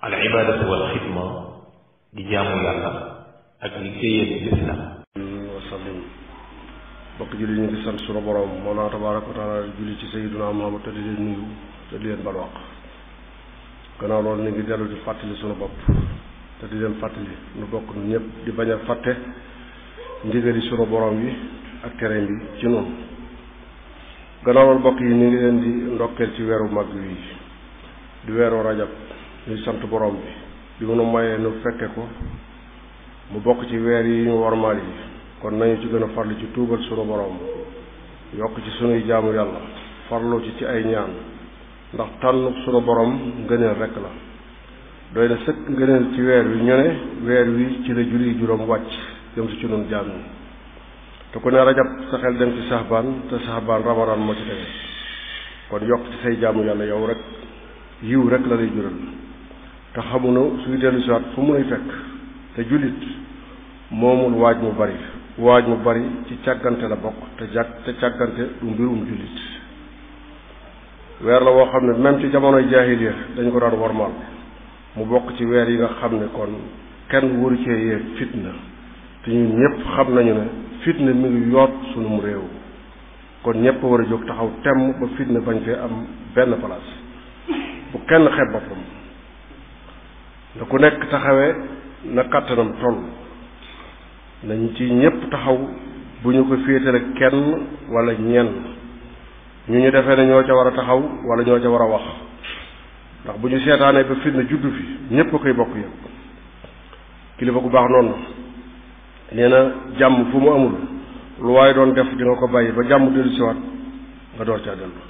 al ibadatu wal xidma di jaamu yàlla ak liggéeyal lislaam wasallim mbokk julli ñu ngi sant sunu borom moo naa tabaraka wa taala julli ci sayyiduna Muhammad te di leen nuyu te di leen balwaq gannaaw loolu ngi dellu di fàttali sunu bopp te di leen fàttali nu bokk ñépp di bañ a fàtte ndigali sunu borom yi ak terrain bi ci noonu gannaaw loolu yi ñu ngi leen di ndokkeel ci weeru mag yi di weeru rajab ñuy sant borom bi bi mu nu mayee nu fekke ko mu bokk ci weer yi ñu warmaal yi kon nañu ci gën a farlu ci tuubal sunu borom yokk ci sunuy jaamu yàlla farlu ci ci ay ñaan ndax tànn sunu borom ngëneel rekk la doy na sëkk ngëneel ci weer wi ñu ne weer wi ci la julli juróom wàcc jëm si ci nun jaam yi te ku ne rajab sa xel dem ci saxbaan te saxbaan ramadaan moo ci tege kon yokk ci say jaamu yàlla yow rek yiw rek la lay jural te xamuñu suy dellu siwaat fu mu nuy fekk te jullit moomul waaj mu bari waaj mu bari ci càggante la bokk te jàkk te càggante du mbirum jullit weer la woo xam ne même ci jamonoy jaahiliya dañ ko daan wormaal mu bokk ci weer yi nga xam ne kon kenn waru cee yee fitna te ñun ñëpp xam nañu ne fitna mi ngi yoot sunum réew kon ñëpp war a jóg taxaw temm ba fitna bañ fee am benn place bu kenn xeeb boppam te ku nekk taxawee na kàttanam toll nañ ci ñépp taxaw bu ñu ko féetale kenn walla ñenn ñu ñu defee ne ñoo ca war a taxaw wala ñoo ca war a wax ndax bu ñu seetaanee ba fitna juddu fi ñépp a koy bokk yëpp kilifa gu baax noonu nee na jàmm fu mu amul lu waaye doon def di nga ko bàyyi ba jàmm dellu siwaat nga door caa dellu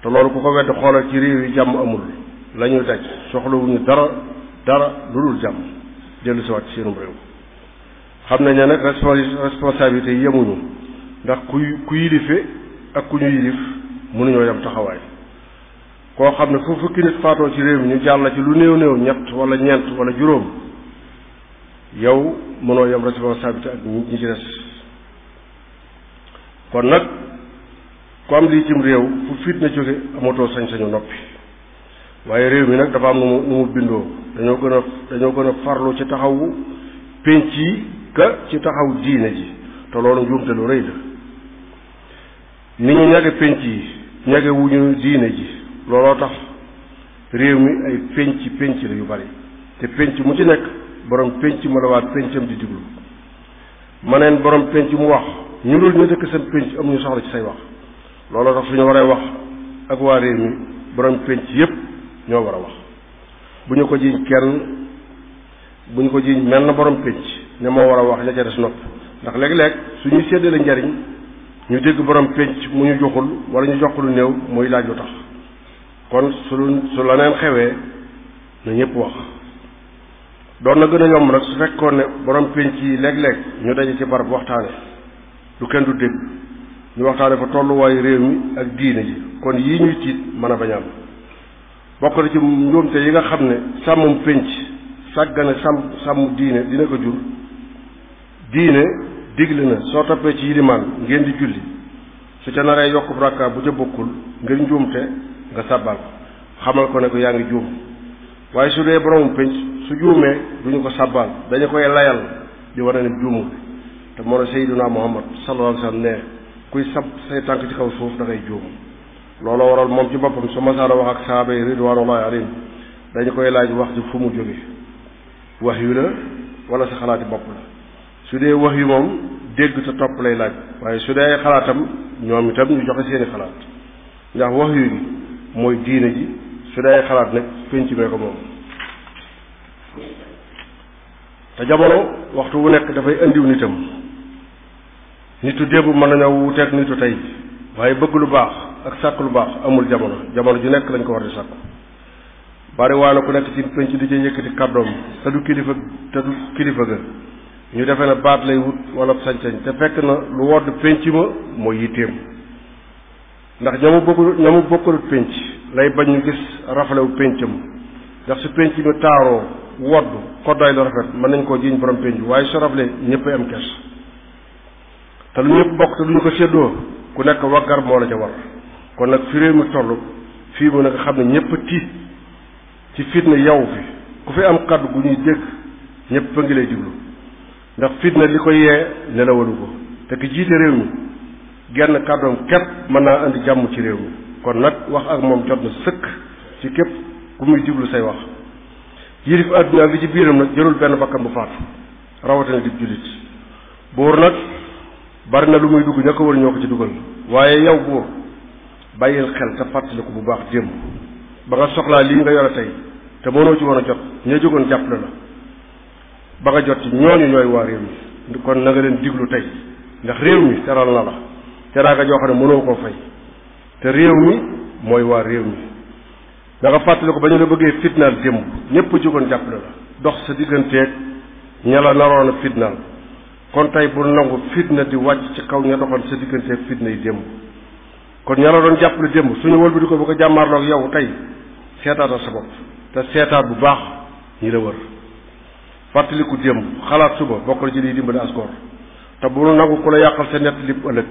te ku ko wedd xoolal ci réew yi jàmm amul la ñuy daj soxlawuñu dara dara lu dul jàmm dellu si waat ci seenum réew xam nañ ne nag responsabilité yi yemuñu ndax ku ku yilife ak ku ñu yilif mënuñoo yem taxawaay koo xam ne fu fukki nit faatoo ci réew ñu jàll ci lu néew néew ñett wala ñeent wala juróom yow mënoo yem responsabilité ak ñi ci des kon nag ku am lii cim réew fu fiit na jóge amatoo sañ-sañu noppi waaye réew mi nag dafa am nu mu nu mu bindoo dañoo gën a dañoo gën a farlu ci taxawu pénc yi ka ci taxaw diine ji te loolu njuumte lu rëy la ni ñu ñage pénc yi ñage wuñu diine ji looloo tax réew mi ay pénc pénc la yu bari te pénc mu ci nekk borom pénc ma la waat péncam di diglu ma neen borom pénc mu wax ñu dul ñu dëkk seen pénc amuñu soxla ci say wax looloo tax ñu waree wax ak waa réew mi borom pénc yépp ñoo war a wax bu ñu ko jiiñ kenn bu ñu ko jiiñ mel na borom pénc ne moo war a wax ña ca des nopp ndax léeg-léeg su ñuy séddale njariñ ñu dégg borom pénc mu ñu joxul wala ñu jox néew muy laaj lu tax kon su la neen xewee na ñëpp wax doon na gën a yomb nag su fekkoon ne borom pénc yi léeg-léeg ñu daje ci barab waxtaane lu kenn du dégg ñu waxtaane fa tolluwaayu réew mi ak diine ji kon yii ñuy tiit mën a bañ bokk na ci njuumte yi nga xam ne sàmmum pénc sàggane sàmm sàmm diine dina ko jur diine digle na soo toppee ci yilimaan ngeen di julli su ca naree yokkub rakka bu ca bokkul ngir njuumte nga sàbbal xamal ko ne ko yaa ngi juum waaye su dee boromum pénc su juumee duñu ko sàbbal dañu koy layal di wane ne juumul te moo ne Seydina Muhammad sallallahu alayhi ne kuy sab say tànk ci kaw suuf dafay ngay juum la waral moom ci boppam su masaara wax ak saaba yi ridwanullahi alayhim dañ koy laaj wax ji fu mu jóge wax yu la wala sa xalaati bopp la su dee wax yu moom dégg te topp lay laaj waaye su dee ay xalaatam ñoom itam ñu joxe seeni xalaat ndax wax yu mooy diine ji su dee ay xalaat nag pénc mee ko moom te jamono waxtu wu nekk dafay indiw nitam nitu démb mën nañoo wuteeg nitu tey waaye bëgg lu baax ak sàkk lu baax amul jamono jamono ju nekk lañ ko war di sàkku bariwaana ku nekk ci penc di ca yëkkati kàddoom te du kilifa te du kilifa ga ñu defee na baat lay wut wala sañ-sañ te fekk na lu wodd penc ma mooy yitteem ndax ñamu bokk ñamu bokkalut penc lay bañ ñu gis rafalewu pencam ndax su penc mi taaroo wodd koddaay lu rafet mën nañ koo jiiñ borom penc waaye su rafle ñëpp am kes te lu ñëpp bokk te lu ko séddoo ku nekk waggar moo la ca war kon nag fi réew mi toll fii mu nga xam ne ñëpp a ci fitna yow fi ku fi am kàddu gu ñuy dégg ñëpp a ngi lay jublu ndax fitna li ko yee nelawalu ko te ki jiite réew mi genn kàddoom képp mën naa indi jàmm ci réew mi kon nag wax ak moom jot na sëkk ci képp ku muy jublu say wax yilif àdduna ak li ci biiram nag jëlul benn bakkan bu faatu rawatina di jullit buur nag bari na lu muy dugg ña ko wër ñoo ko ci dugal waaye yow buur bàyyil xel te fàttaliku bu baax démb ba nga soxlaa lii nga yore tey te mënoo ci woon a jot ña jógoon jàppale la ba nga jot ci ñooñu ñooy waa réew mi kon na nga leen diglu tey ndax réew mi seral na la teraanga joo xam ne mënoo koo fay te réew mi mooy waa réew mi da nga fàttaliku ba ñu la bëggee fitnaal démb ñépp jógoon jàppale la dox sa digganteeg ña la naroon a fitnaal kon tey bu nangu fitna di wàcc ci kaw ña doxoon sa digganteeg fitna yi démb kon ña la doon jàppale démb suñu wëlbati ko bu ko jàmmaarloog yow tey seetaatal sa bopp te seetaat bu baax ñi la wër fàttaliku démb xalaat suba bokk na ci liy dimbali askor te bu nangu ku la yàqal sa nett lib ëllëg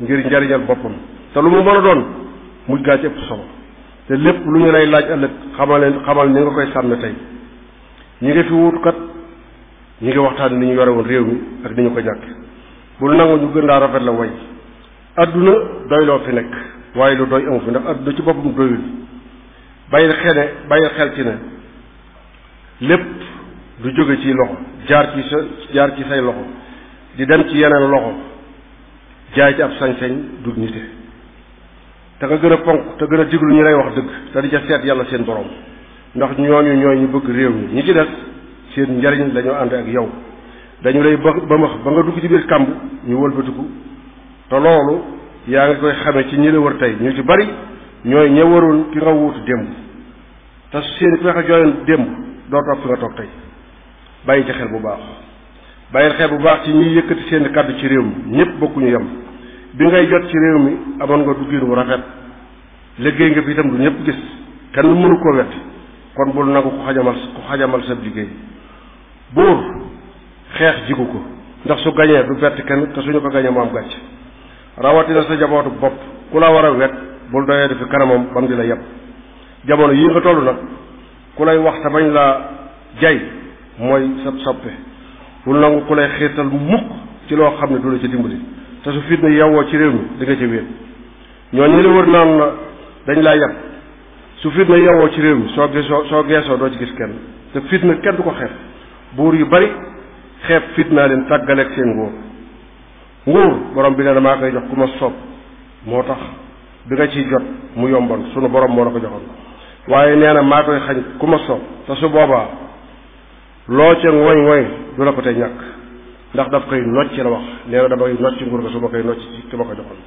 ngir njariñal boppam te lu mu mën a doon mujj gaa ci ëpp solo te lépp lu ñu lay laaj ëllëg xamal leen xamal ni nga koy sàmme tey ñu nga fi wutukat ñi ngi waxtaan ni ñu yore woon réew mi ak ni ñu ko ñàkk bul nangu ñu gën daa rafet la way adduna doy fi nekk waaye lu doy amu fi ndax adduna ci boppam doyul bàyyil xene bàyyil xel ci ne lépp du jóge ci loxo jaar ci sa jaar ci say loxo di dem ci yeneen loxo jaay ci ab sañ-sañ du nite te nga gën ponk te gën a diglu ñu lay wax dëgg te di ca seet yàlla seen borom ndax ñooñu ñooy ñu bëgg réew mi ñi ci des seen njariñ lañoo ànd ak yow dañu lay ba ba ba nga dugg ci biir kàmb ñu wëlbatiku te loolu yaa ngi koy xamee ci ñi la wër tey ñu ci bari ñooy ña waroon ki nga wuutu démb te seen ki nga xam démb doo toog fi nga toog tey bàyyi ci xel bu baax bàyyi xel bu baax ci ñiy yëkkati seen kàddu ci réew mi ñëpp bokkuñu yem bi ngay jot ci réew mi amoon nga duggiin bu rafet liggéey nga fi itam du ñëpp gis kenn mënu koo wet kon bul nangu ku xajamal ku xajamal sa liggéey buur xeex jigu ko ndax su gañee du bett kenn te suñu ko gañee mu gàcc rawatina sa jabootu bopp ku la war a wet bul doyee di fi kanamam bam di la yeb jamono yii nga toll nag ku lay wax te bañ laa jay mooy sa soppe bul nangu ku lay xiirtal mukk ci loo xam ne du la ci dimbali te su fitna yewwoo ci réew mi di nga ci wéet ñooñu la wër naan la dañ laa yeb su fitna yewwoo ci réew mi soo gisoo soo geesoo doo ci gis kenn te fitna kenn du ko xeeb buur yu bari xeeb fitnaa leen tàggaleeg seen nguur nguur borom bi ne damaa koy jox ku ma soob moo tax bi nga ci jot mu yomboon sunu borom moo na ko joxoon waaye nee na maa koy xañ ku ma soob te su boobaa loo ca ngoy ngoy du la ko tey ñàkk ndax daf koy nocci la wax nee na damay nocci nguur su ma koy nocci ci ki ma ko joxoon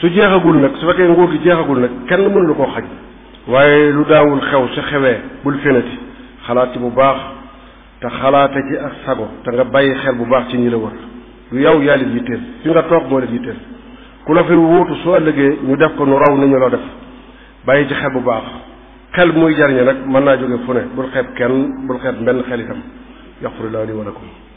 su jeexagul nag su fekkee nguur gi jeexagul nag kenn mënu koo xañ waaye lu daawul xew su xewee bul fénati xalaat ci bu baax te xalaate ci ak sago te nga bàyyi xel bu baax ci ñi la wër du yow yaa leen yitteel fi nga toog moo leen yitteel ku la fi wuutu soo ëllëgee ñu def ko nu raw nañu loo def bàyyi ci xel bu baax xel muy jariñe nag mën naa jóge fu ne bul xeeb kenn bul xeeb benn xel yi itam yaxfirullahu li wa lakum